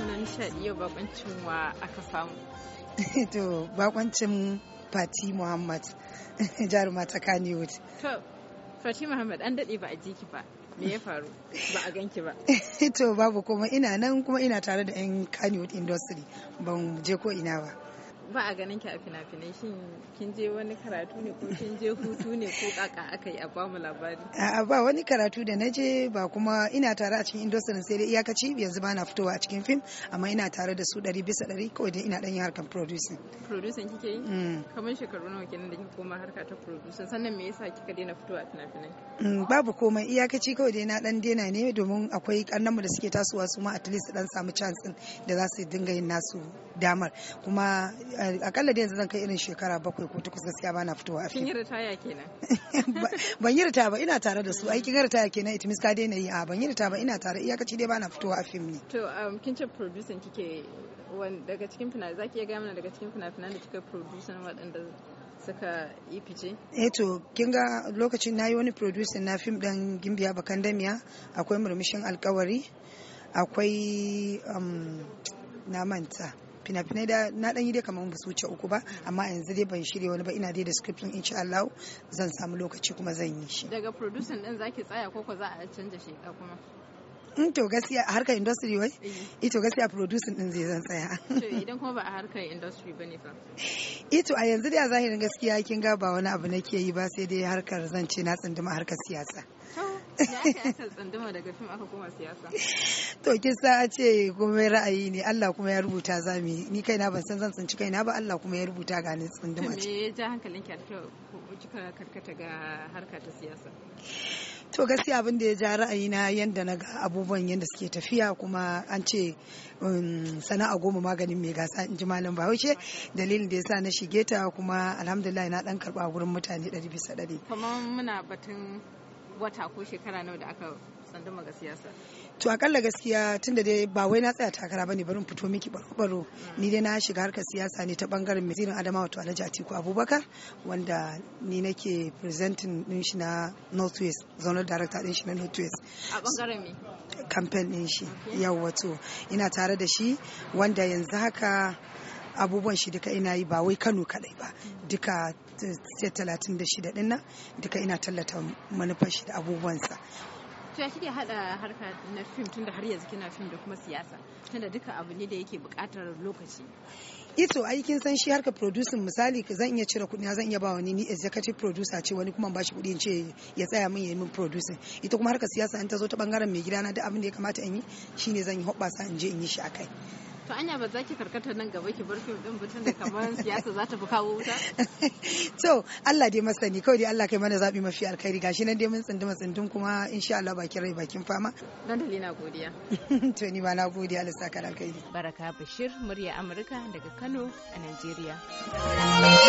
namu na nishadi yau bakoncin wa aka samu to bakoncin fati muhammad jaruma ta kaniwood to fati muhammad an daɗe ba a jiki ba me ya faru ba a ganki ba to babu kuma ina nan kuma ina tare da yan kaniwood industry ban je ko ina ba ba a ganin ki a fina-finai shin kin je wani karatu ne ko kin je hutu ne ko kaka aka yi a ba mu labari a'a ba wani karatu da naje ba kuma ina tare a cikin industry sai dai iyakaci yanzu ba na fitowa a cikin film amma ina tare da su ɗari bisa ɗari kawai dai ina dan yin harkan producing producing kike yi mm. kamar shekaru nawa kenan da kika koma harka ta producing sannan me yasa kika daina fitowa a fina-finai mm, babu komai iyakaci kawai dai na dan daina ne domin akwai kannanmu da suke tasowa su ma at least dan samu chance din da za su dinga yin nasu damar kuma akalla da yanzu zan kai irin shekara bakwai ko takwas gaskiya bana fitowa a fim. Kin yi ritaya kenan. Ban yi ritaya ba ina tare da su ai kin ritaya kenan it means ka daina yi a ban yi ritaya ba ina tare iyakaci dai bana fitowa a fim ne. To um, kin ce producer kike daga cikin fina zaki iya gaya mana daga cikin fina da kika producer waɗanda suka yi fice? Eh to kin ga lokacin na yi wani producing na fim ɗan Gimbiya Bakandamiya akwai murmushin alkawari akwai um, na manta. fina-finai da na dan yi dai kamar su wuce uku ba amma yanzu dai ban shirya wani ba ina dai da script in insha Allah zan samu lokaci kuma zan yi shi daga producer din zaki tsaya ko ko za a canja sheka kuma in mm, to gaskiya a harkar industry wai ito eh. eh, gaskiya producing din zai zan tsaya idan kuma ba a harkar industry bane fa ito eh, a yanzu da zahirin gaskiya kin ga ba wani abu nake yi ba sai dai harkar zance na tsinduma harkar siyasa tsanduma daga fim aka koma siyasa. To kin san a ce komai ra'ayi ne Allah kuma ya rubuta za mu yi ni kaina ban san zan tsinci kaina ba Allah kuma ya rubuta ga ni ce Me ya ja hankalin ki kika karkata ga harka ta siyasa? To gaskiya abin da ya ja ra'ayi na yadda na ga abubuwan yadda suke tafiya kuma an ce um, sana'a goma maganin mai gasa in ji malam wuce dalilin da ya sa na shige ta kuma alhamdulillah na dan karba gurin mutane 100 bisa 100. Kamar muna batun wata ko shekara nawa da aka tsanduma ga siyasa to akalla gaskiya tun da dai ba wai na tsaya takara bane barin fito miki baro ni dai na shiga harkar siyasa ne ta bangaren mizirin adamawa to alhaji atiku abubakar wanda ni nake presenting din shi na northwest zonal director din shi na northwest a bangaren me campaign din shi yawa to ina tare da shi wanda yanzu haka abubuwan shi duka ina yi ba wai kano kadai ba duka eh, state talatin da shida din nan duka ina tallata manufar shi da abubuwansa to shi kike hada harka na fim tunda har yanzu kina fim da kuma siyasa tunda duka abu ne da yake bukatar lokaci ito eh aikin san shi harka producing misali zan iya cire kuɗi zan iya ba wani ni executive producer ce wani kuma ba shi kuɗi ce ya tsaya min yayin min producing ita kuma harka siyasa in ta zo ta bangaren mai gidana duk abin da ya kamata in yi shine zan yi sa in je in yi shi akai to anya ba za ki karkata nan gaba ki bar fim din mutum da kamar siyasa za ta fi kawo wuta to Allah dai masani kawai dai Allah kai mana zabi mafi alkhairi gashi nan dai mun tsinduma tsindun kuma insha Allah bakin rai bakin fama dan na godiya to ni ma na godiya Allah saka alkhairi baraka bashir murya amurka daga Kano a Najeriya